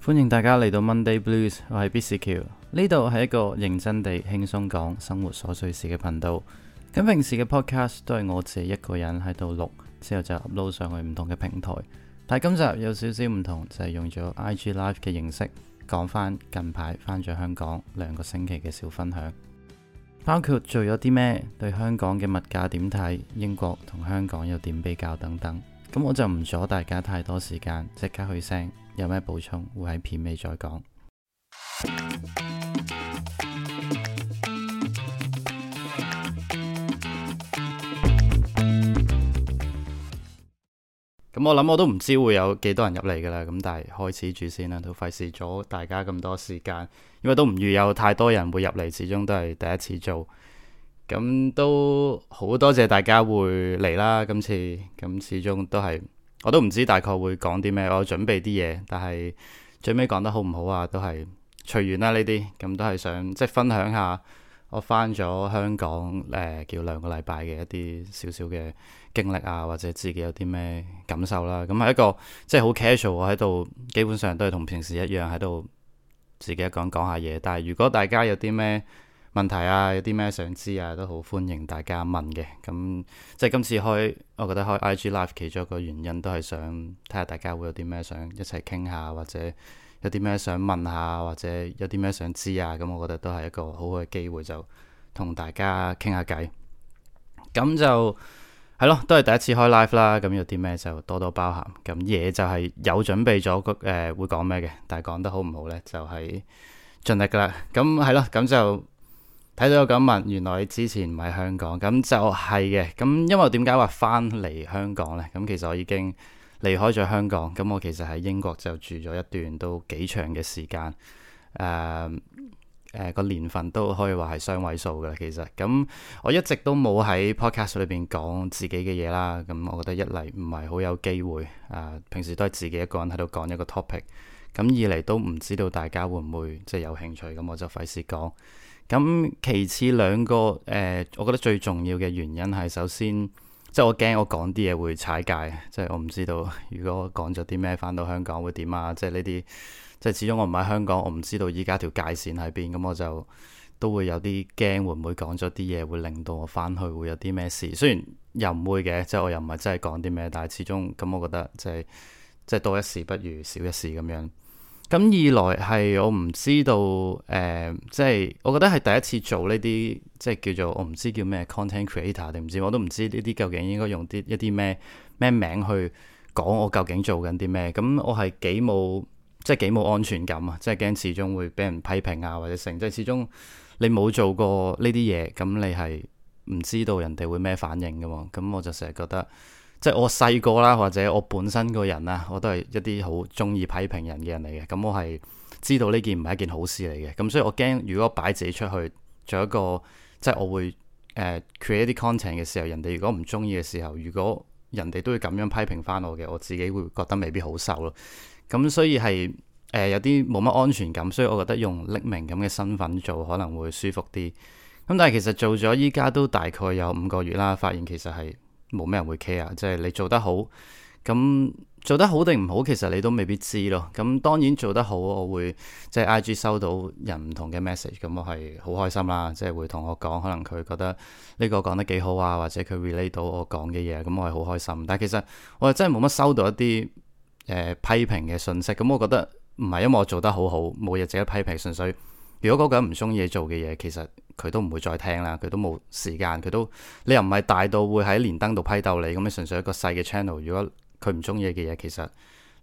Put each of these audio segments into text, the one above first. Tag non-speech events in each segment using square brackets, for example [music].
歡迎大家嚟到 Monday Blues，我係 Bisikyo，呢度係一個認真地輕鬆講生活瑣碎事嘅頻道。咁平時嘅 podcast 都係我自己一個人喺度錄，之後就 upload 上去唔同嘅平台。但係今集有少少唔同，就係、是、用咗 IG Live 嘅形式講翻近排翻咗香港兩個星期嘅小分享，包括做咗啲咩，對香港嘅物價點睇，英國同香港有點比較等等。咁我就唔阻大家太多時間，即刻去聲。有咩補充？會喺片尾再講。咁 [music] 我諗我都唔知會有幾多人入嚟噶啦。咁但係開始住先啦，都費事阻大家咁多時間。因為都唔預有太多人會入嚟，始終都係第一次做。咁都好多謝大家會嚟啦。今次咁始終都係。我都唔知大概會講啲咩，我準備啲嘢，但係最尾講得好唔好啊，都係隨緣啦呢啲，咁都係想即係分享下我翻咗香港誒、呃、叫兩個禮拜嘅一啲少少嘅經歷啊，或者自己有啲咩感受啦，咁係一個即係好 casual 喺度，基本上都係同平時一樣喺度自己講講一講講下嘢，但係如果大家有啲咩～問題啊，有啲咩想知啊，都好歡迎大家問嘅。咁即係今次開，我覺得開 IG Live 其中一個原因都係想睇下大家會有啲咩想一齊傾下，或者有啲咩想問下，或者有啲咩想知啊。咁我覺得都係一個好好嘅機會，就同大家傾下偈。咁就係咯，都係第一次開 live 啦。咁有啲咩就多多包涵。咁嘢就係有準備咗個誒會講咩嘅，但係講得好唔好咧，就係盡力噶啦。咁係咯，咁就。睇到我咁問，原來你之前唔喺香港，咁就係嘅。咁因為點解話翻嚟香港咧？咁其實我已經離開咗香港，咁我其實喺英國就住咗一段都幾長嘅時間，誒、啊、誒、啊、個年份都可以話係雙位數㗎喇。其實咁我一直都冇喺 podcast 裏邊講自己嘅嘢啦。咁我覺得一嚟唔係好有機會，誒、啊、平時都係自己一個人喺度講一個 topic，咁二嚟都唔知道大家會唔會即係、就是、有興趣，咁我就費事講。咁其次兩個誒、呃，我覺得最重要嘅原因係首先，即係我驚我講啲嘢會踩界，即係我唔知道如果講咗啲咩返到香港會點啊！即係呢啲，即係始終我唔喺香港，我唔知道依家條界線喺邊，咁我就都會有啲驚，會唔會講咗啲嘢會令到我返去會有啲咩事？雖然又唔會嘅，即係我又唔係真係講啲咩，但係始終咁，我覺得即係即係多一事不如少一事咁樣。咁二來係我唔知道，誒、呃，即係我覺得係第一次做呢啲，即係叫做我唔知叫咩 content creator 定唔知，我都唔知呢啲究竟應該用啲一啲咩咩名去講我究竟做緊啲咩。咁我係幾冇，即係幾冇安全感啊！即係驚始終會俾人批評啊，或者成。即係始終你冇做過呢啲嘢，咁你係唔知道人哋會咩反應㗎喎。咁我就成日覺得。即係我細個啦，或者我本身個人啦，我都係一啲好中意批評人嘅人嚟嘅。咁我係知道呢件唔係一件好事嚟嘅。咁所以我驚，如果擺自己出去做一個，即係我會誒 create 啲 content 嘅時候，人哋如果唔中意嘅時候，如果人哋都會咁樣批評翻我嘅，我自己會覺得未必好受咯。咁所以係誒、呃、有啲冇乜安全感，所以我覺得用匿名咁嘅身份做可能會舒服啲。咁但係其實做咗依家都大概有五個月啦，發現其實係。冇咩人會 care，即係你做得好咁做得好定唔好，其實你都未必知咯。咁當然做得好，我會即係、就是、IG 收到人唔同嘅 message，咁我係好開心啦。即、就、係、是、會同我講，可能佢覺得呢個講得幾好啊，或者佢 relate 到我講嘅嘢，咁我係好開心。但係其實我係真係冇乜收到一啲誒、呃、批評嘅信息，咁我覺得唔係因為我做得好好冇嘢值得批評，純粹。如果嗰個人唔鍾意做嘅嘢，其實佢都唔會再聽啦，佢都冇時間，佢都你又唔係大到會喺連登度批鬥你咁樣，純粹一個細嘅 channel。如果佢唔鍾意嘅嘢，其實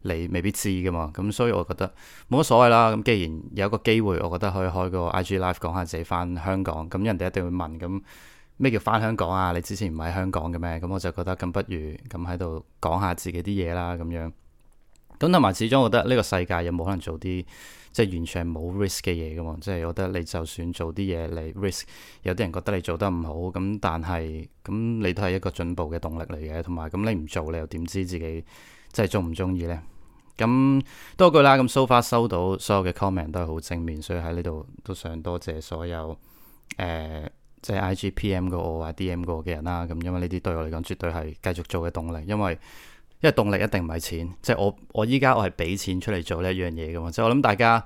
你未必知㗎嘛。咁所以我覺得冇乜所謂啦。咁既然有一個機會，我覺得可以開個 IG live 講下自己返香港，咁人哋一定會問咁咩叫返香港啊？你之前唔喺香港嘅咩？咁我就覺得咁不如咁喺度講下自己啲嘢啦咁樣。咁同埋始終，我覺得呢個世界有冇可能做啲？即係完全冇 risk 嘅嘢㗎嘛。即係我覺得你就算做啲嘢你 risk，有啲人覺得你做得唔好，咁但係咁你都係一個進步嘅動力嚟嘅，同埋咁你唔做你又點知自己真係鍾唔鍾意咧？咁多一句啦，咁 so far 收到所有嘅 comment 都係好正面，所以喺呢度都想多謝所有誒即、呃、係、就是、IGPM 過我啊 DM 過嘅人啦，咁因為呢啲對我嚟講絕對係繼續做嘅動力，因為。即係動力一定唔係錢，即係我我依家我係俾錢出嚟做呢一樣嘢噶嘛。即係我諗大家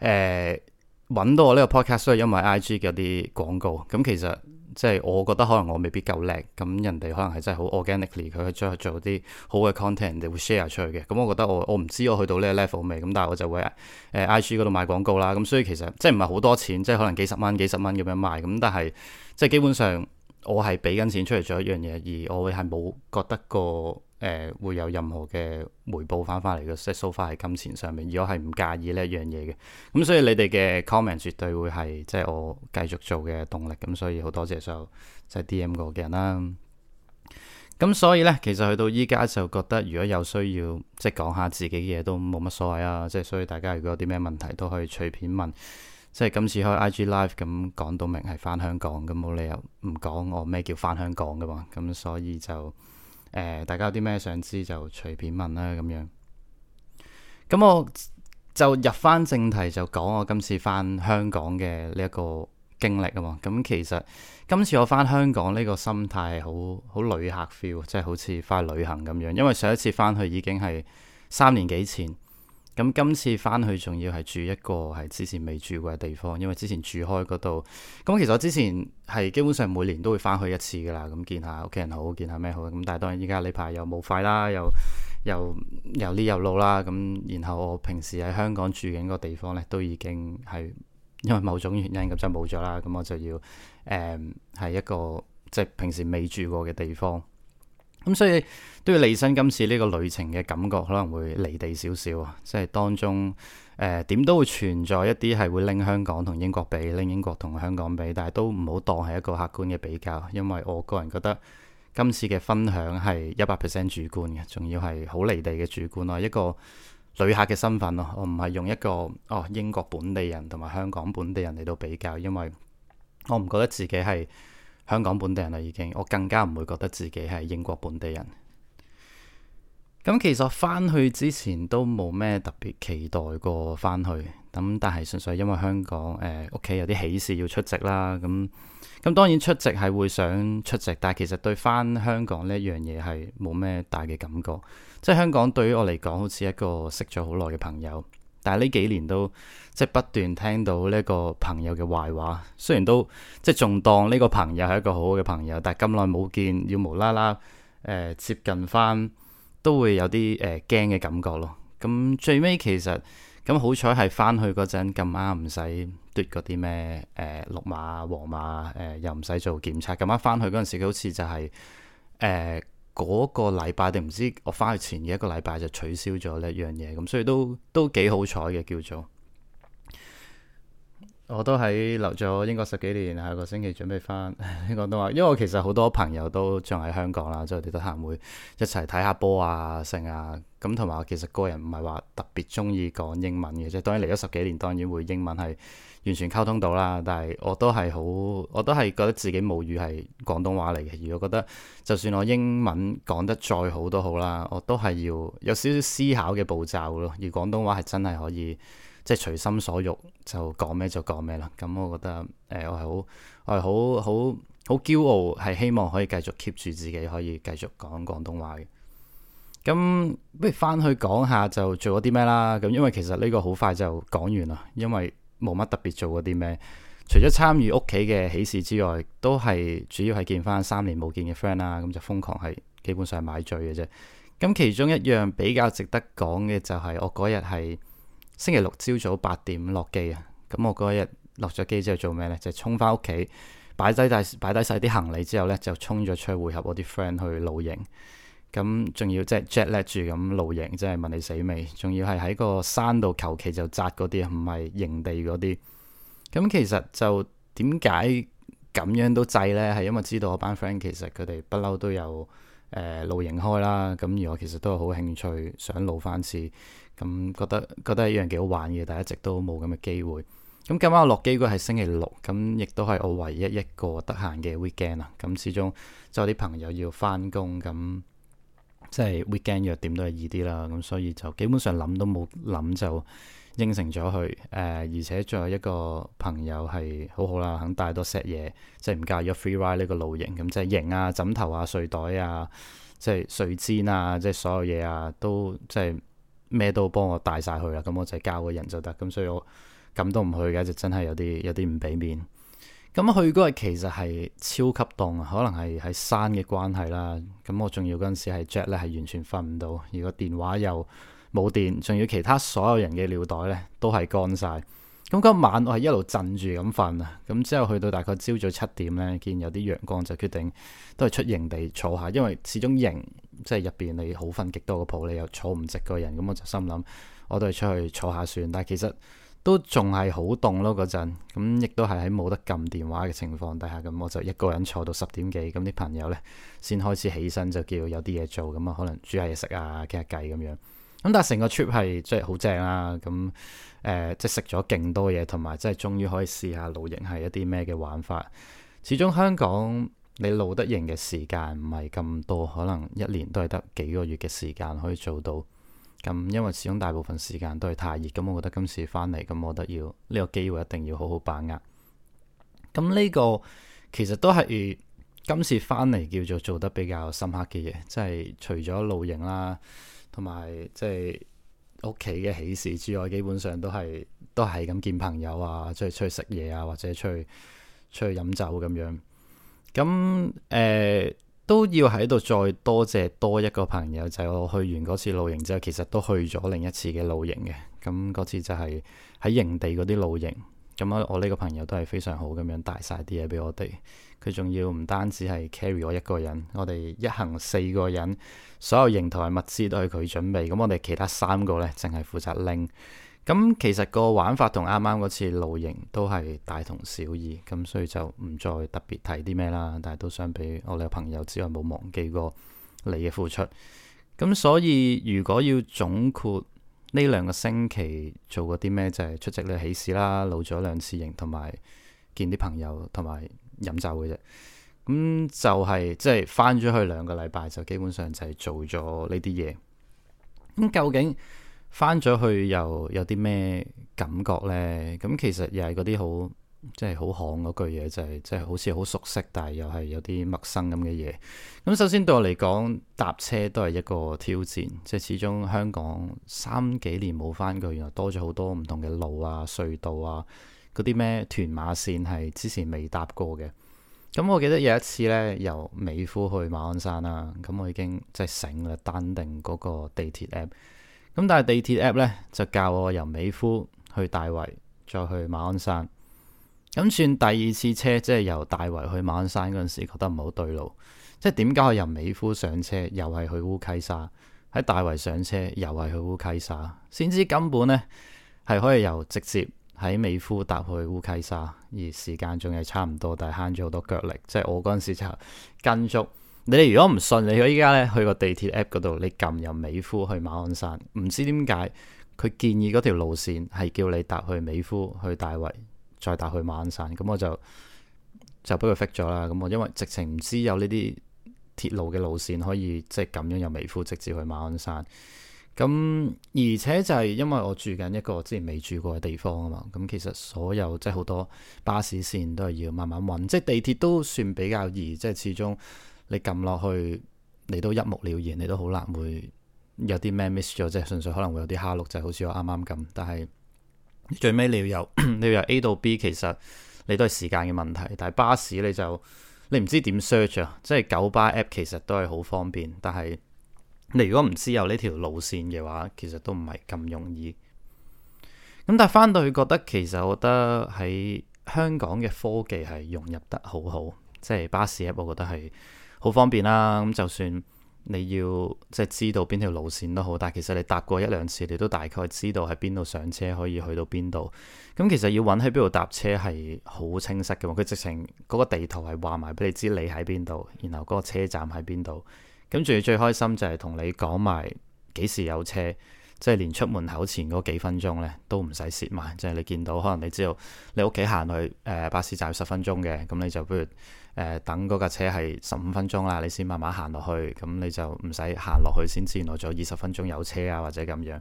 誒揾、呃、到我呢個 podcast，都係因為 I G 嗰啲廣告。咁、嗯、其實即係、就是、我覺得可能我未必夠叻，咁人哋可能係真係好 organically 佢去將去做啲好嘅 content，人哋會 share 出去嘅。咁、嗯、我覺得我我唔知我去到呢個 level 未。咁但係我就會誒喺 I G 度賣廣告啦。咁、嗯、所以其實即係唔係好多錢，即係可能幾十蚊幾十蚊咁樣賣。咁但係即係基本上我係俾緊錢出嚟做一樣嘢，而我會係冇覺得個。誒會有任何嘅回報翻翻嚟嘅，即係收翻喺金錢上面。如果係唔介意呢一樣嘢嘅，咁所以你哋嘅 comment 絕對會係即係我繼續做嘅動力。咁所以好多謝所有即係 D M 過嘅人啦。咁所以呢，其實去到依家就覺得，如果有需要即係講下自己嘅嘢都冇乜所謂啊。即係所以大家如果有啲咩問題都可以隨便問。即係今次開 IG Live 咁講到明係翻香港，咁冇理由唔講我咩叫翻香港㗎嘛。咁所以就。誒，大家有啲咩想知就隨便問啦，咁樣。咁我就入翻正題，就講我今次翻香港嘅呢一個經歷啊嘛。咁其實今次我翻香港呢個心態好好旅客 feel，即係好似翻去旅行咁樣，因為上一次翻去已經係三年幾前。咁今次翻去仲要係住一個係之前未住過嘅地方，因為之前住開嗰度。咁其實我之前係基本上每年都會翻去一次㗎啦，咁見下屋企人好，見下咩好。咁但係當然依家呢排又冇費啦，又又又呢又路啦。咁然後我平時喺香港住緊個地方咧，都已經係因為某種原因咁就冇咗啦。咁我就要誒係、嗯、一個即係平時未住過嘅地方。咁所以都要理身。今次呢個旅程嘅感覺可能會離地少少啊！即係當中誒點、呃、都會存在一啲係會拎香港同英國比，拎英國同香港比，但係都唔好當係一個客觀嘅比較，因為我個人覺得今次嘅分享係一百 percent 主觀嘅，仲要係好離地嘅主觀咯，一個旅客嘅身份咯，我唔係用一個哦英國本地人同埋香港本地人嚟到比較，因為我唔覺得自己係。香港本地人啦，已經我更加唔會覺得自己係英國本地人。咁其實翻去之前都冇咩特別期待過翻去，咁但係純粹因為香港誒屋企有啲喜事要出席啦。咁咁當然出席係會想出席，但係其實對翻香港呢一樣嘢係冇咩大嘅感覺，即係香港對於我嚟講好似一個識咗好耐嘅朋友。但係呢幾年都即係不斷聽到呢個朋友嘅壞話，雖然都即係仲當呢個朋友係一個好好嘅朋友，但係咁耐冇見，要無啦啦誒接近翻都會有啲誒驚嘅感覺咯。咁最尾其實咁好彩係翻去嗰陣咁啱唔使嘟嗰啲咩誒綠碼黃碼誒、呃，又唔使做檢測。咁啱翻去嗰陣時，佢好似就係、是、誒。呃嗰個禮拜定唔知我翻去前嘅一個禮拜就取消咗呢樣嘢，咁所以都都幾好彩嘅叫做。我都喺留咗英國十幾年，下個星期準備翻廣東話，因為我其實好多朋友都仲喺香港啦，所以我哋都可能會一齊睇下波啊、勝啊，咁同埋我其實個人唔係話特別中意講英文嘅，即係當然嚟咗十幾年，當然會英文係完全溝通到啦，但係我都係好，我都係覺得自己母語係廣東話嚟嘅，而我覺得就算我英文講得再好都好啦，我都係要有少少思考嘅步驟咯，而廣東話係真係可以。即係隨心所欲，就講咩就講咩啦。咁我覺得，誒我係好，我係好好好驕傲，係希望可以繼續 keep 住自己，可以繼續講廣東話嘅。咁不如翻去講下就做咗啲咩啦。咁因為其實呢個好快就講完啦，因為冇乜特別做過啲咩，除咗參與屋企嘅喜事之外，都係主要係見翻三年冇見嘅 friend 啦。咁就瘋狂係基本上買醉嘅啫。咁其中一樣比較值得講嘅就係我嗰日係。星期六朝早八點落機啊，咁我嗰日落咗機之後做咩咧？就係衝翻屋企，擺低大擺低曬啲行李之後咧，就衝咗出去會合我啲 friend 去露營。咁仲要即係 jet lag 住咁露營，即係問你死未？仲要係喺個山度求其就紮嗰啲，唔係營地嗰啲。咁其實就點解咁樣都制咧？係因為知道我班 friend 其實佢哋不嬲都有誒露營開啦。咁而我其實都係好興趣想露翻次。咁、嗯、覺得覺得一樣幾好玩嘅，但係一直都冇咁嘅機會。咁、嗯、今晚我落機嗰日係星期六，咁、嗯、亦都係我唯一一個得閒嘅 weekend 啦、嗯。咁始終即係啲朋友要翻工，咁、嗯、即係 weekend 弱點都係易啲啦。咁、嗯、所以就基本上諗都冇諗就應承咗佢。誒、呃，而且仲有一個朋友係好好啦，肯帶多 set 嘢，即係唔介意咗 free ride 呢個露營，咁、嗯、即係營啊、枕頭啊、睡袋啊、即係睡墊啊、即係所有嘢啊，都即係。咩都幫我帶晒去啦，咁我就係交個人就得，咁所以我咁都唔去嘅，就真係有啲有啲唔俾面。咁去嗰日其實係超級凍啊，可能係喺山嘅關係啦。咁我仲要嗰陣時係 jet lag 咧，係完全瞓唔到，如果電話又冇電，仲要其他所有人嘅尿袋咧都係乾晒。咁嗰晚我係一路震住咁瞓啊，咁之後去到大概朝早七點咧，見有啲陽光就決定都係出營地坐下，因為始終營。即係入邊你好瞓極多個鋪，你又坐唔值個人，咁我就心諗，我都係出去坐下算。但係其實都仲係好凍咯嗰陣，咁亦都係喺冇得撳電話嘅情況底下，咁我就一個人坐到十點幾，咁啲朋友咧先開始起身就叫有啲嘢做，咁啊可能煮下嘢食啊，傾下計咁樣。咁但係成個 trip 係即係好正啦，咁誒、呃、即係食咗勁多嘢，同埋即係終於可以試下露營係一啲咩嘅玩法。始終香港。你露得營嘅時間唔係咁多，可能一年都係得幾個月嘅時間可以做到。咁因為始終大部分時間都係太熱，咁我覺得今次翻嚟，咁我覺得要呢、這個機會一定要好好把握。咁呢個其實都係今次翻嚟叫做做得比較深刻嘅嘢，即係除咗露營啦，同埋即係屋企嘅喜事之外，基本上都係都係咁見朋友啊，出去出去食嘢啊，或者出去出去飲酒咁樣。咁誒、呃、都要喺度再多謝多一個朋友，就係、我去完嗰次露營之後，其實都去咗另一次嘅露營嘅。咁嗰次就係喺營地嗰啲露營，咁啊我呢個朋友都係非常好咁樣帶晒啲嘢俾我哋。佢仲要唔單止係 carry 我一個人，我哋一行四個人，所有營地嗰啲物資都係佢準備。咁我哋其他三個咧淨係負責拎。咁其實個玩法同啱啱嗰次露營都係大同小異，咁所以就唔再特別提啲咩啦。但係都想俾我哋嘅朋友知，我冇忘記過你嘅付出。咁所以如果要總括呢兩個星期做過啲咩，就係出席你喜事啦，露咗兩次營，同埋見啲朋友，同埋飲酒嘅啫。咁就係即係翻咗去兩個禮拜，就基本上就係做咗呢啲嘢。咁究竟？翻咗去又有啲咩感覺呢？咁其實又係嗰啲好即係好巷嗰句嘢，就係即係好似好熟悉，但係又係有啲陌生咁嘅嘢。咁首先對我嚟講，搭車都係一個挑戰，即係始終香港三幾年冇翻過，原來多咗好多唔同嘅路啊、隧道啊、嗰啲咩屯馬線係之前未搭過嘅。咁我記得有一次呢，由美孚去馬鞍山啦，啊，咁我已經即係醒啦，單定嗰個地鐵 app。咁但係地鐵 app 咧就教我由美孚去大圍，再去馬鞍山。咁算第二次車，即係由大圍去馬鞍山嗰陣時，覺得唔好對路。即係點解我由美孚上車又係去烏溪沙，喺大圍上車又係去烏溪沙？先知根本咧係可以由直接喺美孚搭去烏溪沙，而時間仲係差唔多，但係慳咗好多腳力。即係我嗰陣時就跟足。你哋如果唔信，你去依家咧去個地鐵 app 嗰度，你撳入美孚去馬鞍山，唔知點解佢建議嗰條路線係叫你搭去美孚去大圍，再搭去馬鞍山。咁我就就俾佢 fix 咗啦。咁我因為直情唔知有呢啲鐵路嘅路線可以即係咁樣由美孚直接去馬鞍山。咁而且就係因為我住緊一個之前未住過嘅地方啊嘛。咁其實所有即係好多巴士線都係要慢慢搵，即係地鐵都算比較易。即係始終。你撳落去，你都一目了然，你都好難會有啲咩 miss 咗，即係純粹可能會有啲蝦碌，就好似我啱啱咁。但係最尾你要由 [coughs] 你要由 A 到 B，其實你都係時間嘅問題。但係巴士你就你唔知點 search 啊，即係九巴 app 其實都係好方便。但係你如果唔知有呢條路線嘅話，其實都唔係咁容易。咁但係翻到去覺得其實我覺得喺香港嘅科技係融入得好好，即係巴士 app 我覺得係。好方便啦！咁就算你要即係知道邊條路線都好，但係其實你搭過一兩次，你都大概知道喺邊度上車可以去到邊度。咁其實要揾喺邊度搭車係好清晰嘅，佢直情嗰、嗰個地圖係話埋俾你知你喺邊度，然後嗰個車站喺邊度。咁仲要最開心就係同你講埋幾時有車，即係連出門口前嗰幾分鐘咧都唔使蝕埋，即係你見到可能你知道你屋企行去誒、呃、巴士站十分鐘嘅，咁你就不如。誒、呃，等嗰架車係十五分鐘啦，你先慢慢行落去，咁你就唔使行落去先知，原來仲有二十分鐘有車啊，或者咁樣。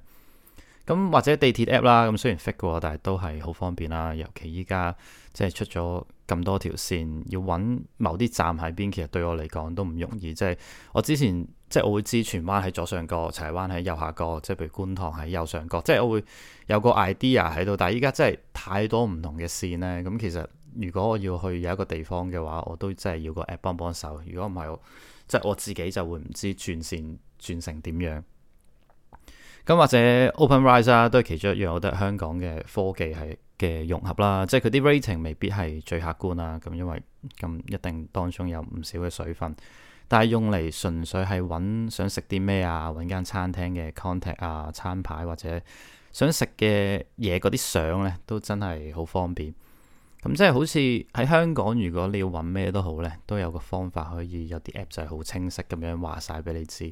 咁或者地鐵 A P P 啦，咁雖然 fit 嘅喎，但係都係好方便啦。尤其依家即係出咗咁多條線，要揾某啲站喺邊，其實對我嚟講都唔容易。即係我之前即係我會知荃灣喺左上角，柴灣喺右下角，即係譬如觀塘喺右上角，即係我會有個 idea 喺度。但係依家真係太多唔同嘅線呢。咁其實。如果我要去有一個地方嘅話，我都真係要個 app 幫幫手。如果唔係，即係我自己就會唔知轉線轉成點樣。咁或者 OpenRice 啊，都係其中一樣，我覺得香港嘅科技係嘅融合啦。即係佢啲 rating 未必係最客觀啦、啊。咁因為咁一定當中有唔少嘅水分。但係用嚟純粹係揾想食啲咩啊，揾間餐廳嘅 contact 啊、餐牌或者想食嘅嘢嗰啲相呢，都真係好方便。咁即係好似喺香港，如果你要揾咩都好呢，都有個方法可以有啲 app 就係好清晰咁樣話晒俾你知。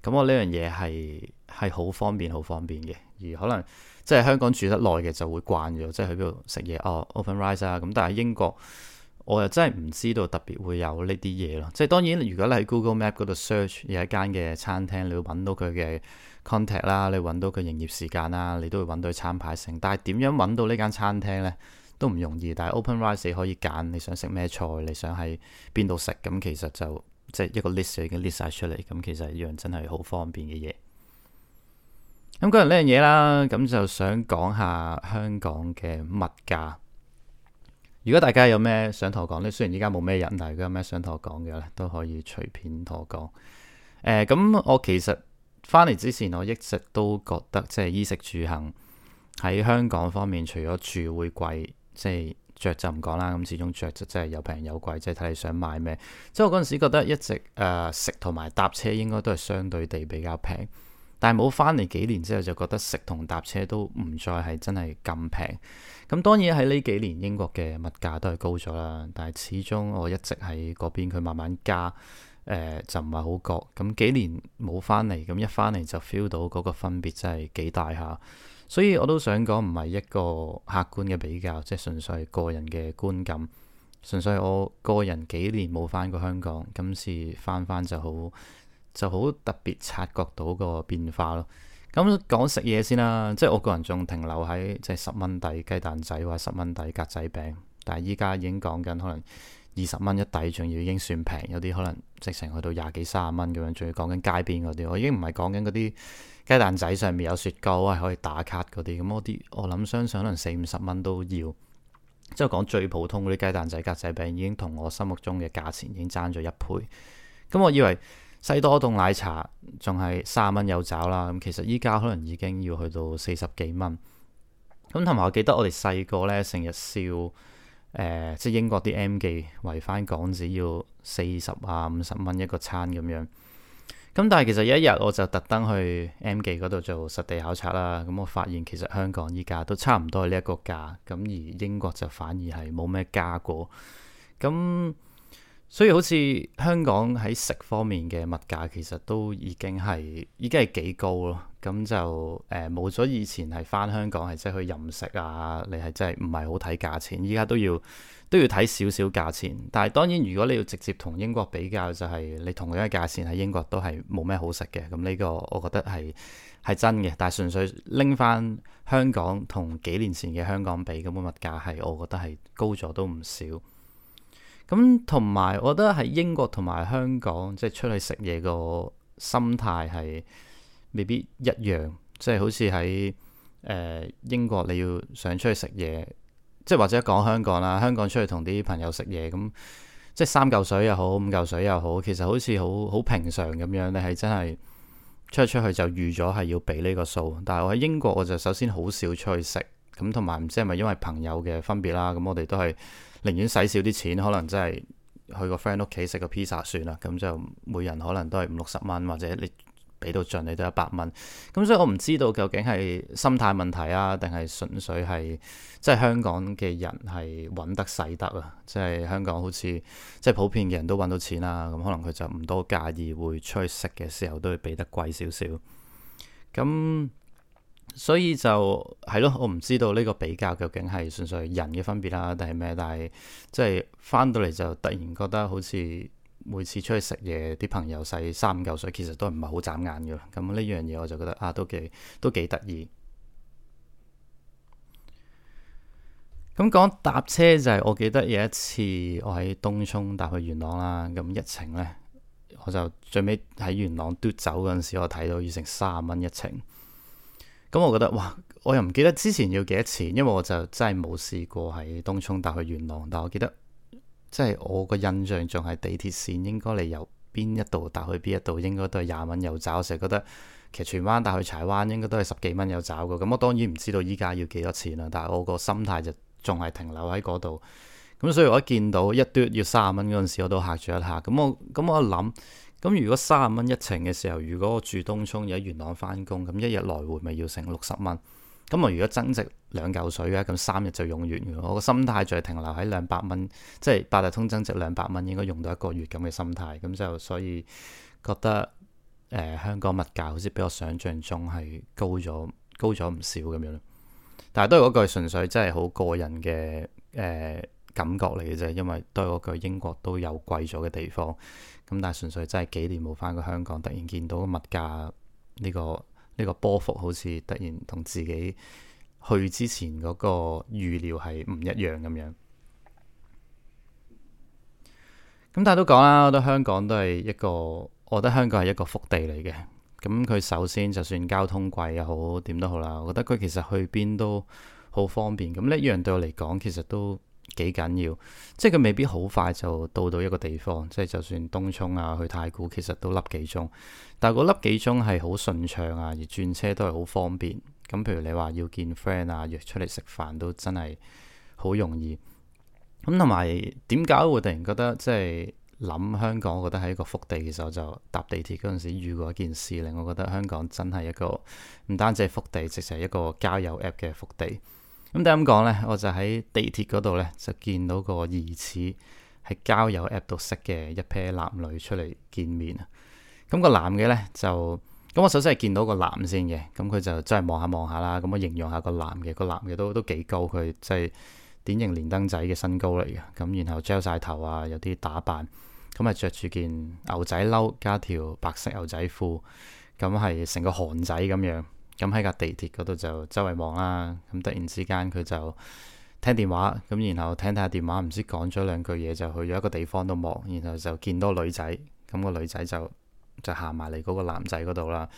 咁我呢樣嘢係係好方便、好方便嘅。而可能即係香港住得耐嘅就會慣咗，即係去邊度食嘢哦，OpenRice 啊。咁但係英國，我又真係唔知道特別會有呢啲嘢咯。即係當然，如果你喺 Google Map 嗰度 search 有一間嘅餐廳，你揾到佢嘅 contact 啦，你揾到佢營業時間啦，你都會揾到餐牌剩。但係點樣揾到呢間餐廳呢？都唔容易，但係 OpenRice 可以揀你想食咩菜，你想喺邊度食，咁其實就即係一個 list 已經 list 晒出嚟，咁其實一樣真係好方便嘅嘢。咁講完呢樣嘢啦，咁就想講下香港嘅物價。如果大家有咩想同我講呢？雖然依家冇咩人，但係如果有咩想同我講嘅咧，都可以隨便同我講。咁、呃、我其實翻嚟之前，我一直都覺得即係衣食住行喺香港方面，除咗住會貴。即係着就唔講啦，咁始終着就真係有平有貴，即係睇你想買咩。即係我嗰陣時覺得一直誒、呃、食同埋搭車應該都係相對地比較平，但係冇翻嚟幾年之後就覺得食同搭車都唔再係真係咁平。咁當然喺呢幾年英國嘅物價都係高咗啦，但係始終我一直喺嗰邊，佢慢慢加誒、呃、就唔係好覺。咁幾年冇翻嚟，咁一翻嚟就 feel 到嗰個分別真係幾大下。所以我都想講，唔係一個客觀嘅比較，即係純粹個人嘅觀感。純粹我個人幾年冇翻過香港，今次翻翻就好，就好特別察覺到個變化咯。咁講食嘢先啦，即係我個人仲停留喺即係十蚊底雞蛋仔或者十蚊底格仔餅，但係依家已經講緊可能二十蚊一底，仲要已經算平。有啲可能直情去到廿幾三十蚊咁樣，仲要講緊街邊嗰啲，我已經唔係講緊嗰啲。雞蛋仔上面有雪糕啊，可以打卡嗰啲，咁我啲我諗相信可能四五十蚊都要，即係講最普通嗰啲雞蛋仔格仔餅已經同我心目中嘅價錢已經差咗一倍。咁我以為西多凍奶茶仲係三蚊有找啦，咁其實依家可能已經要去到四十幾蚊。咁同埋我記得我哋細個咧成日笑，誒、呃、即係英國啲 M 記圍翻港紙要四十啊五十蚊一個餐咁樣。咁但係其實有一日我就特登去 M 記嗰度做實地考察啦，咁我發現其實香港依家都差唔多係呢一個價，咁而英國就反而係冇咩加過，咁所以好似香港喺食方面嘅物價其實都已經係依家係幾高咯，咁就誒冇咗以前係翻香港係即係去飲食啊，你係真係唔係好睇價錢，依家都要。都要睇少少價錢，但係當然如果你要直接同英國比較，就係、是、你同樣嘅價錢喺英國都係冇咩好食嘅。咁呢個我覺得係係真嘅，但係純粹拎翻香港同幾年前嘅香港比，咁嘅物價係我覺得係高咗都唔少。咁同埋我覺得喺英國同埋香港即係、就是、出去食嘢個心態係未必一樣，即、就、係、是、好似喺誒英國你要想出去食嘢。即係或者講香港啦，香港出去同啲朋友食嘢咁，即係三嚿水又好，五嚿水又好，其實好似好好平常咁樣。你係真係出嚟出去就預咗係要俾呢個數。但係我喺英國我就首先好少出去食咁，同埋唔知係咪因為朋友嘅分別啦。咁我哋都係寧願使少啲錢，可能真係去個 friend 屋企食個 pizza 算啦。咁就每人可能都係五六十蚊，或者你。俾到盡你都一百蚊，咁所以我唔知道究竟係心態問題啊，定係純粹係即係香港嘅人係揾得使得啊，即係香港好似即係普遍嘅人都揾到錢啦，啊，咁可能佢就唔多介意會出去食嘅時候都要俾得貴少少。咁所以就係咯，我唔知道呢個比較究竟係純粹係人嘅分別啦，啊，定係咩？但係即係翻到嚟就突然覺得好似。每次出去食嘢，啲朋友使三五嚿水，其實都唔係好眨眼㗎。咁呢樣嘢我就覺得啊，都幾都幾得意。咁、嗯、講搭車就係、是，我記得有一次我喺東涌搭去元朗啦。咁一程呢，我就最尾喺元朗嘟走嗰陣時，我睇到要成三十蚊一程。咁、嗯、我覺得哇，我又唔記得之前要幾多錢，因為我就真係冇試過喺東涌搭去元朗，但我記得。即係我個印象仲係地鐵線，應該你由邊一度搭去邊一度應該都係廿蚊有找，成日覺得其實荃灣搭去柴灣應該都係十幾蚊有找嘅。咁我當然唔知道依家要幾多錢啦，但係我個心態就仲係停留喺嗰度。咁所以我一見到一嘟要三十蚊嗰陣時，我都嚇咗一下。咁我咁我一諗，咁如果三十蚊一程嘅時候，如果我住東涌又喺元朗返工，咁一日來回咪要成六十蚊？咁我如果增值？兩嚿水啊！咁三日就用完嘅，我個心態就係停留喺兩百蚊，即係八達通增值兩百蚊，應該用到一個月咁嘅心態。咁就所以覺得誒、呃、香港物價好似比我想像中係高咗高咗唔少咁樣。但係都係嗰句純粹真係好個人嘅誒、呃、感覺嚟嘅啫，因為都係嗰句英國都有貴咗嘅地方。咁但係純粹真係幾年冇翻過香港，突然見到個物價呢、呢個呢、呢個波幅，好似突然同自己。去之前嗰個預料係唔一樣咁樣，咁但係都講啦，我覺得香港都係一個，我覺得香港係一個福地嚟嘅。咁佢首先就算交通貴又好，點都好啦。我覺得佢其實去邊都好方便。咁呢一樣對我嚟講，其實都幾緊要。即係佢未必好快就到到一個地方。即係就算東涌啊，去太古其實都粒幾鐘，但係嗰粒幾鐘係好順暢啊，而轉車都係好方便。咁譬如你話要見 friend 啊，約出嚟食飯都真係好容易。咁同埋點解會突然覺得即係諗香港，我覺得係一個福地嘅時候，就搭地鐵嗰陣時遇過一件事，令我覺得香港真係一個唔單止係福地，直情係一個交友 app 嘅福地。咁點解咁講呢，我就喺地鐵嗰度呢，就見到個疑似喺交友 app 度識嘅一 pair 男女出嚟見面啊。咁個男嘅呢，就～咁我首先係見到個男先嘅，咁佢就周圍望下望下啦，咁我形容下個男嘅，個男嘅都都幾高，佢即係典型連登仔嘅身高嚟嘅，咁然後焦晒頭啊，有啲打扮，咁啊着住件牛仔褸加條白色牛仔褲，咁係成個韓仔咁樣，咁喺架地鐵嗰度就周圍望啦，咁突然之間佢就聽電話，咁然後聽睇下電話，唔知講咗兩句嘢就去咗一個地方度望，然後就見到女仔，咁個女仔、那個、就。就行埋嚟嗰個男仔嗰度啦，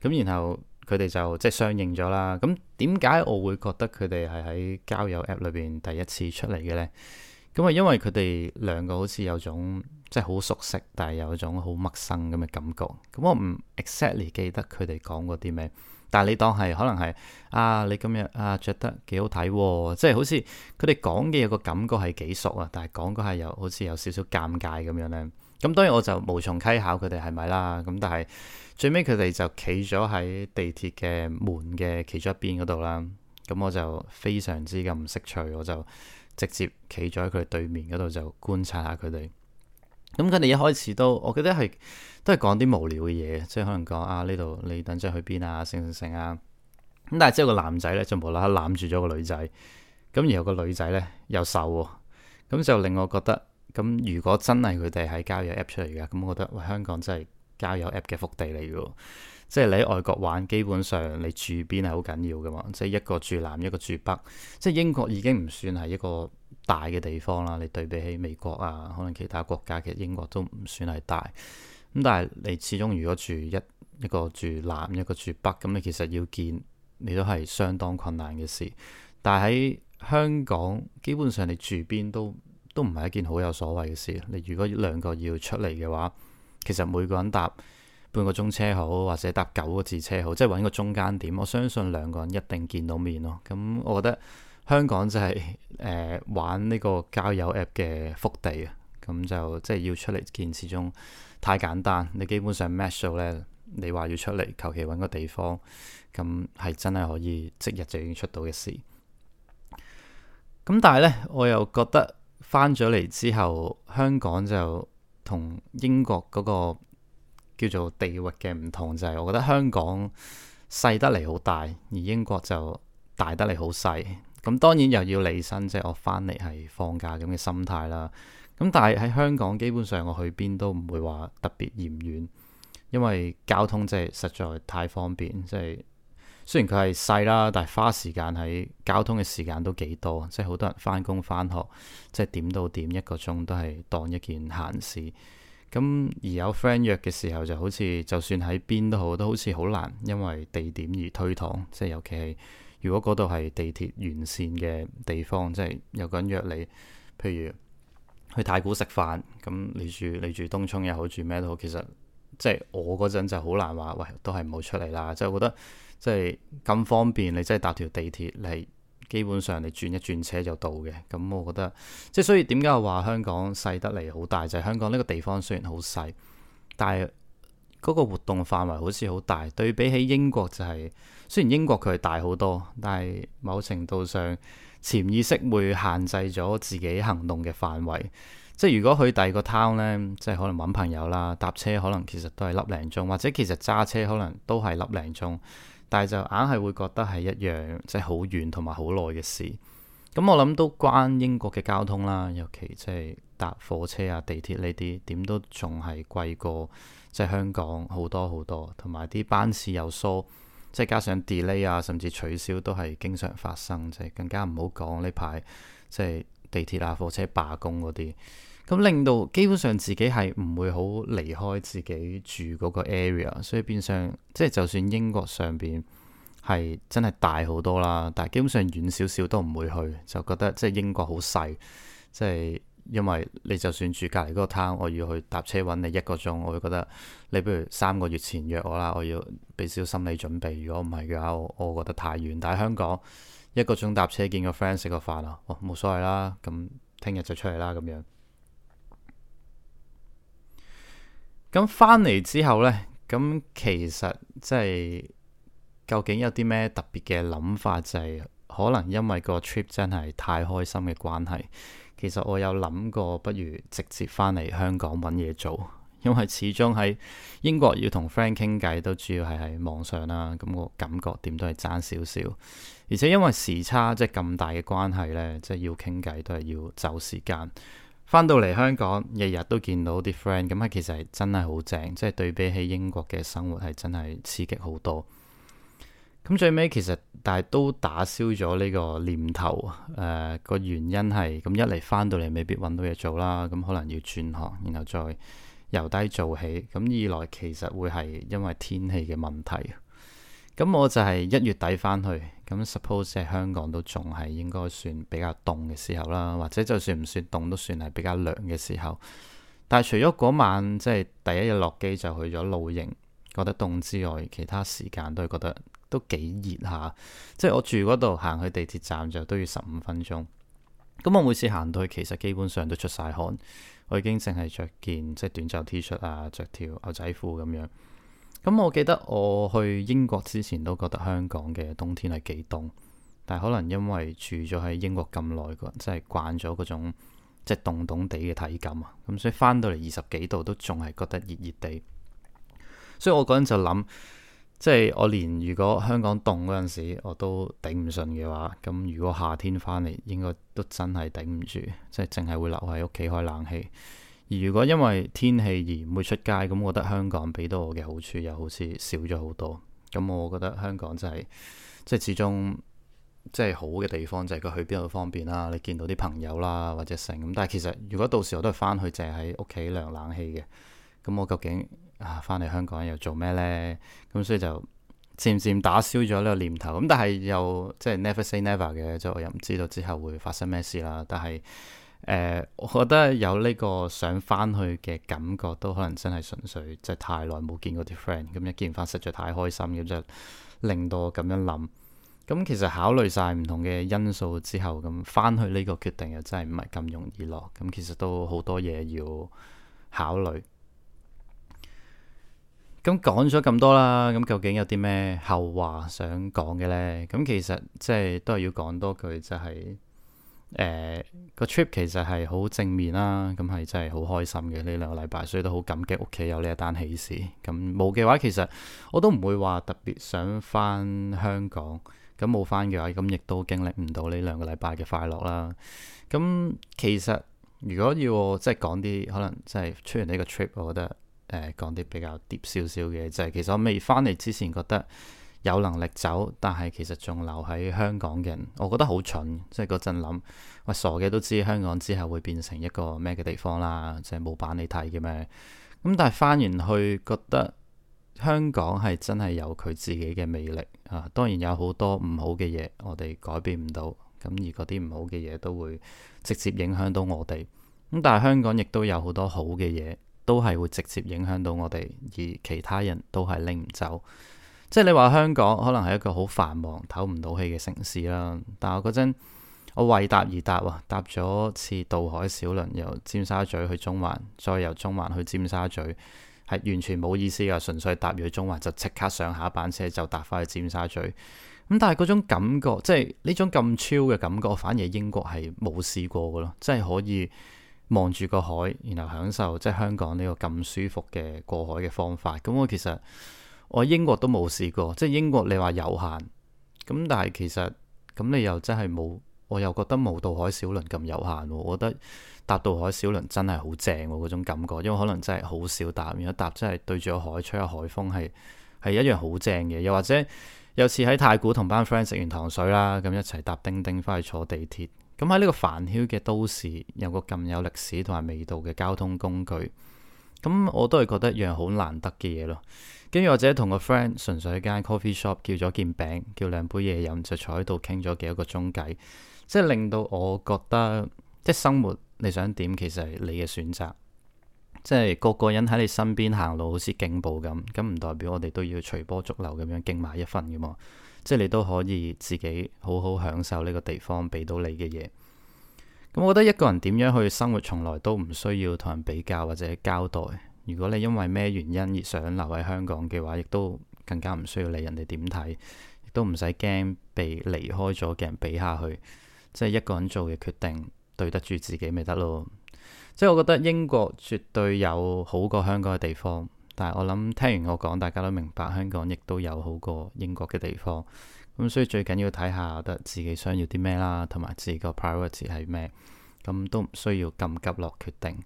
咁然後佢哋就即係相應咗啦。咁點解我會覺得佢哋係喺交友 App 裏邊第一次出嚟嘅呢？咁係因為佢哋兩個好似有種即係好熟悉，但係有種好陌生咁嘅感覺。咁我唔 exactly 記得佢哋講過啲咩，但係你當係可能係啊，你今日啊著得幾好睇喎。即係好似佢哋講嘅有個感覺係幾熟啊，但係講嗰係有好似有少少尷尬咁樣呢。咁當然我就無從稽考佢哋係咪啦，咁但係最尾佢哋就企咗喺地鐵嘅門嘅其中一邊嗰度啦，咁我就非常之咁唔識趣，我就直接企咗喺佢對面嗰度就觀察下佢哋。咁佢哋一開始都，我記得係都係講啲無聊嘅嘢，即係可能講啊呢度你等陣去邊啊，行行行啊。咁但係之後個男仔咧就無啦啦攬住咗個女仔，咁然後個女仔咧又瘦喎，咁就令我覺得。咁如果真係佢哋係交友 App 出嚟嘅，咁我覺得喂，香港真係交友 App 嘅福地嚟嘅。即係你喺外國玩，基本上你住邊係好緊要嘅嘛，即係一個住南一個住北，即係英國已經唔算係一個大嘅地方啦。你對比起美國啊，可能其他國家嘅英國都唔算係大。咁但係你始終如果住一一個住南一個住北，咁你其實要見你都係相當困難嘅事。但係喺香港，基本上你住邊都。都唔係一件好有所謂嘅事。你如果兩個要出嚟嘅話，其實每個人搭半個鐘車好，或者搭九個字車好，即係揾個中間點。我相信兩個人一定見到面咯。咁、嗯、我覺得香港就係、是、誒、呃、玩呢個交友 app 嘅福地啊。咁、嗯、就即係要出嚟見，始終太簡單。你基本上 match 到呢，你話要出嚟求其揾個地方，咁、嗯、係真係可以即日就已經出到嘅事。咁、嗯、但係呢，我又覺得。翻咗嚟之後，香港就同英國嗰個叫做地域嘅唔同，就係我覺得香港細得嚟好大，而英國就大得嚟好細。咁當然又要理身，即係我翻嚟係放假咁嘅心態啦。咁但係喺香港基本上我去邊都唔會話特別嫌遠，因為交通即係實在太方便，即係。雖然佢係細啦，但係花時間喺交通嘅時間都幾多，即係好多人返工返學，即係點到點一個鐘都係當一件閒事。咁而有 friend 約嘅時候就，就好似就算喺邊都好，都好似好難，因為地點而推搪。即係尤其係如果嗰度係地鐵沿線嘅地方，即係有個人約你，譬如去太古食飯，咁你住你住東涌又好住咩都好，其實。即係我嗰陣就好難話，喂，都係唔好出嚟啦。即係我覺得，即係咁方便，你真係搭條地鐵，你係基本上你轉一轉車就到嘅。咁我覺得，即係所以點解話香港細得嚟好大，就係香港呢個地方雖然好細，但係嗰個活動範圍好似好大。對比起英國就係，雖然英國佢係大好多，但係某程度上潛意識會限制咗自己行動嘅範圍。即係如果去第二個 town 咧，即係可能揾朋友啦，搭車可能其實都係粒零鐘，或者其實揸車可能都係粒零鐘，但係就硬係會覺得係一樣，即係好遠同埋好耐嘅事。咁、嗯、我諗都關英國嘅交通啦，尤其即係搭火車啊、地鐵呢啲，點都仲係貴過即係、就是、香港好多好多，同埋啲班次又疏，即係加上 delay 啊，甚至取消都係經常發生，即係更加唔好講呢排即係地鐵啊、火車罷工嗰啲。咁令到基本上自己係唔會好離開自己住嗰個 area，所以變相即係就算英國上邊係真係大好多啦，但係基本上遠少少都唔會去，就覺得即係英國好細，即係因為你就算住隔離嗰個 town 我要去搭車揾你一個鐘，我會覺得你不如三個月前約我啦，我要俾少少心理準備，如果唔係嘅話我，我覺得太遠，但係香港一個鐘搭車見個 friend 食個飯啊，哦冇所謂啦，咁聽日就出嚟啦，咁樣。咁翻嚟之後呢，咁其實即係究竟有啲咩特別嘅諗法，就係可能因為個 trip 真係太開心嘅關係，其實我有諗過，不如直接翻嚟香港揾嘢做，因為始終喺英國要同 friend 傾偈都主要係喺網上啦。咁我感覺點都係爭少少，而且因為時差即係咁大嘅關係呢，即係要傾偈都係要就時間。翻到嚟香港，日日都見到啲 friend，咁啊其實係真係好正，即係對比起英國嘅生活係真係刺激好多。咁最尾其實，但係都打消咗呢個念頭。誒、呃、個原因係咁，一嚟翻到嚟未必揾到嘢做啦，咁可能要轉行，然後再由低做起。咁二來其實會係因為天氣嘅問題。咁我就係一月底翻去，咁 suppose 係香港都仲係應該算比較凍嘅時候啦，或者就算唔算凍都算係比較涼嘅時候。但係除咗嗰晚即係、就是、第一日落機就去咗露營，覺得凍之外，其他時間都係覺得都幾熱下。即係我住嗰度行去地鐵站就都要十五分鐘。咁我每次行到去，其實基本上都出晒汗，我已經淨係着件即係、就是、短袖 T 恤啊，着條牛仔褲咁樣。咁、嗯、我記得我去英國之前都覺得香港嘅冬天係幾凍，但係可能因為住咗喺英國咁耐，即係慣咗嗰種即係凍凍地嘅體感啊，咁、嗯、所以翻到嚟二十幾度都仲係覺得熱熱地，所以我嗰陣就諗，即係我連如果香港凍嗰陣時我都頂唔順嘅話，咁如果夏天翻嚟應該都真係頂唔住，即係淨係會留喺屋企開冷氣。而如果因為天氣而唔會出街，咁我覺得香港俾到我嘅好處又好似少咗好多。咁我覺得香港就係、是、即係始終即係好嘅地方就係、是、佢去邊度都方便啦，你見到啲朋友啦或者成。咁但係其實如果到時我都係翻去淨係喺屋企涼冷氣嘅，咁我究竟啊翻嚟香港又做咩咧？咁所以就漸漸打消咗呢個念頭。咁但係又即係 never say never 嘅，即我又唔知道之後會發生咩事啦。但係。誒、呃，我覺得有呢個想翻去嘅感覺，都可能真係純粹，即係太耐冇見過啲 friend，咁一見翻實在太開心，咁就令到我咁樣諗。咁其實考慮晒唔同嘅因素之後，咁翻去呢個決定又真係唔係咁容易落。咁其實都好多嘢要考慮。咁講咗咁多啦，咁究竟有啲咩後話想講嘅呢？咁其實即係都係要講多句，即係。誒，呃這個 trip 其實係好正面啦，咁係真係好開心嘅呢兩個禮拜，所以都好感激屋企有呢一單喜事。咁冇嘅話，其實我都唔會話特別想翻香港。咁冇翻嘅話，咁亦都經歷唔到呢兩個禮拜嘅快樂啦。咁其實如果要我即係講啲可能即係出完呢個 trip，我覺得誒講啲比較 deep 少少嘅，就係其實我未翻嚟之前覺得。有能力走，但係其實仲留喺香港嘅人，我覺得好蠢。即係嗰陣諗，喂，傻嘅都知香港之後會變成一個咩嘅地方啦，即係冇版你睇嘅咩。咁但係翻完去，覺得香港係真係有佢自己嘅魅力啊。當然有好多唔好嘅嘢，我哋改變唔到。咁而嗰啲唔好嘅嘢都會直接影響到我哋。咁但係香港亦都有好多好嘅嘢，都係會直接影響到我哋，而其他人都係拎唔走，即係你話香港可能係一個好繁忙唞唔到氣嘅城市啦，但係我嗰陣，我為搭而搭，搭咗次渡海小輪由尖沙咀去中環，再由中環去尖沙咀，係完全冇意思㗎，純粹搭完去中環就即刻上下一班車，就搭返去尖沙咀。咁但係嗰種感覺，即係呢種咁 chill 嘅感覺，反而英國係冇試過㗎囉，即係可以望住個海，然後享受即係香港呢個咁舒服嘅過海嘅方法。咁我其實。我英國都冇試過，即係英國你話有限咁，但係其實咁你又真係冇，我又覺得冇渡海小輪咁有限。我覺得搭渡海小輪真係好正啊，嗰種感覺，因為可能真係好少搭，如果搭真係對住海吹下海，海風，係係一樣好正嘅。又或者有次喺太古同班 friend 食完糖水啦，咁一齊搭叮叮翻去坐地鐵。咁喺呢個繁囂嘅都市，有個咁有歷史同埋味道嘅交通工具，咁我都係覺得一樣好難得嘅嘢咯。跟住或者同個 friend 純粹喺間 coffee shop 叫咗件餅，叫兩杯嘢飲，就坐喺度傾咗幾多個鐘偈，即係令到我覺得，即係生活你想點，其實係你嘅選擇。即係個個人喺你身邊行路好似競步咁，咁唔代表我哋都要隨波逐流咁樣競埋一份嘅嘛。即係你都可以自己好好享受呢個地方俾到你嘅嘢。咁我覺得一個人點樣去生活，從來都唔需要同人比較或者交代。如果你因為咩原因而想留喺香港嘅話，亦都更加唔需要理人哋點睇，亦都唔使驚被離開咗嘅人比下去，即係一個人做嘅決定對得住自己咪得咯。即係我覺得英國絕對有好過香港嘅地方，但係我諗聽完我講，大家都明白香港亦都有好過英國嘅地方。咁所以最緊要睇下得自己想要啲咩啦，同埋自己個 priority 係咩，咁都唔需要咁急落決定。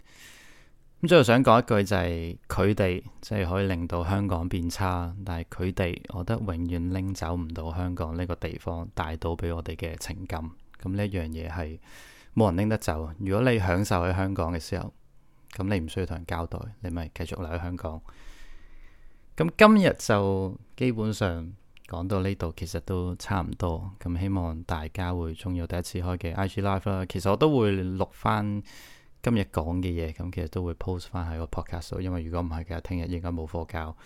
咁最後想講一句就係佢哋即係可以令到香港變差，但係佢哋我覺得永遠拎走唔到香港呢個地方帶到俾我哋嘅情感。咁呢一樣嘢係冇人拎得走。如果你享受喺香港嘅時候，咁你唔需要同人交代，你咪繼續留喺香港。咁今日就基本上講到呢度，其實都差唔多。咁希望大家會鍾意我第一次開嘅 IG Live 啦。其實我都會錄翻。今日講嘅嘢，咁其實都會 post 翻喺個 podcast 度，因為如果唔係嘅，聽日應該冇課教。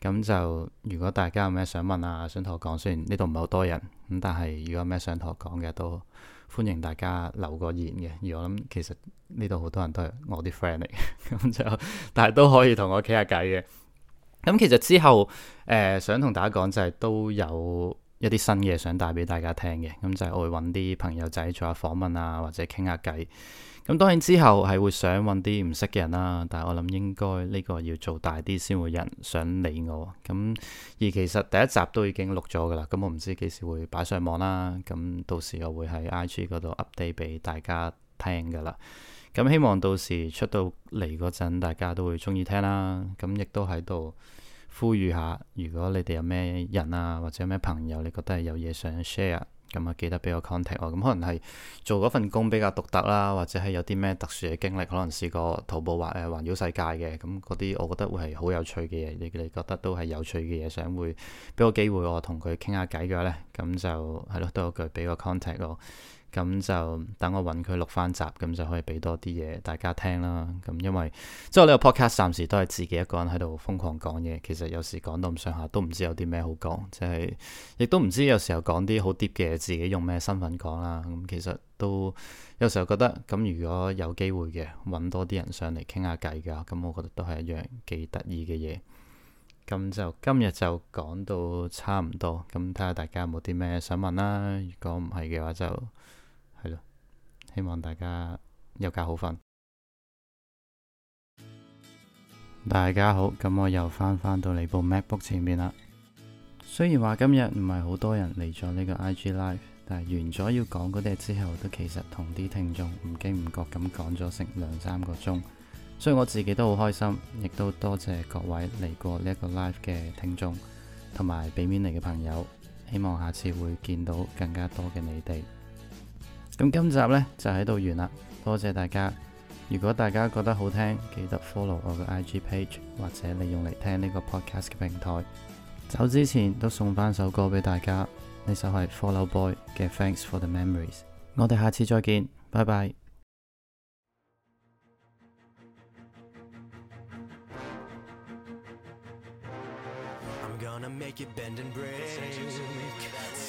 咁就如果大家有咩想問啊，想同我講，雖然呢度唔係好多人，咁但係如果有咩想同我講嘅，都歡迎大家留個言嘅。如果諗其實呢度好多人都係我啲 friend 嚟嘅，咁就但係都可以同我傾下偈嘅。咁其實之後誒、呃、想同大家講就係都有一啲新嘢想帶俾大家聽嘅，咁就係我會揾啲朋友仔做下訪問啊，或者傾下偈。咁當然之後係會想揾啲唔識嘅人啦，但係我諗應該呢個要做大啲先會有人想理我。咁而其實第一集都已經錄咗㗎啦，咁我唔知幾時會擺上網啦。咁到時我會喺 IG 嗰度 update 俾大家聽㗎啦。咁希望到時出到嚟嗰陣，大家都會中意聽啦。咁亦都喺度呼籲下，如果你哋有咩人啊或者有咩朋友，你覺得係有嘢想 share。咁啊、嗯，記得俾個 contact 我。咁、嗯、可能係做嗰份工比較獨特啦，或者係有啲咩特殊嘅經歷，可能試過徒步或誒環繞世界嘅。咁嗰啲我覺得會係好有趣嘅嘢，你你覺得都係有趣嘅嘢，想會俾個機會我同佢傾下偈嘅話咧。咁、嗯、就係咯，多一句俾個 contact 咯。咁就等我揾佢錄翻集，咁就可以俾多啲嘢大家聽啦。咁因為即係我呢個 podcast 暫時都係自己一個人喺度瘋狂講嘢，其實有時講到唔上下都唔知有啲咩好講，即係亦都唔知有時候講啲好 deep 嘅嘢，自己用咩身份講啦。咁其實都有時候覺得咁，如果有機會嘅揾多啲人上嚟傾下偈嘅，咁我覺得都係一樣幾得意嘅嘢。咁就今日就講到差唔多，咁睇下大家有冇啲咩想問啦。如果唔係嘅話就。希望大家有覺好瞓。大家好，咁我又翻返到你部 MacBook 前面啦。雖然話今日唔係好多人嚟咗呢個 IG Live，但係完咗要講嗰啲嘢之後，都其實同啲聽眾唔經唔覺咁講咗成兩三個鐘，所以我自己都好開心，亦都多謝各位嚟過呢一個 Live 嘅聽眾，同埋俾面嚟嘅朋友。希望下次會見到更加多嘅你哋。咁今集呢就喺度完啦，多謝大家！如果大家覺得好聽，記得 follow 我嘅 IG page 或者你用嚟聽呢個 podcast 嘅平台。走之前都送翻首歌俾大家，呢首係 Follow Boy 嘅 Thanks for the Memories。我哋下次再見，拜拜。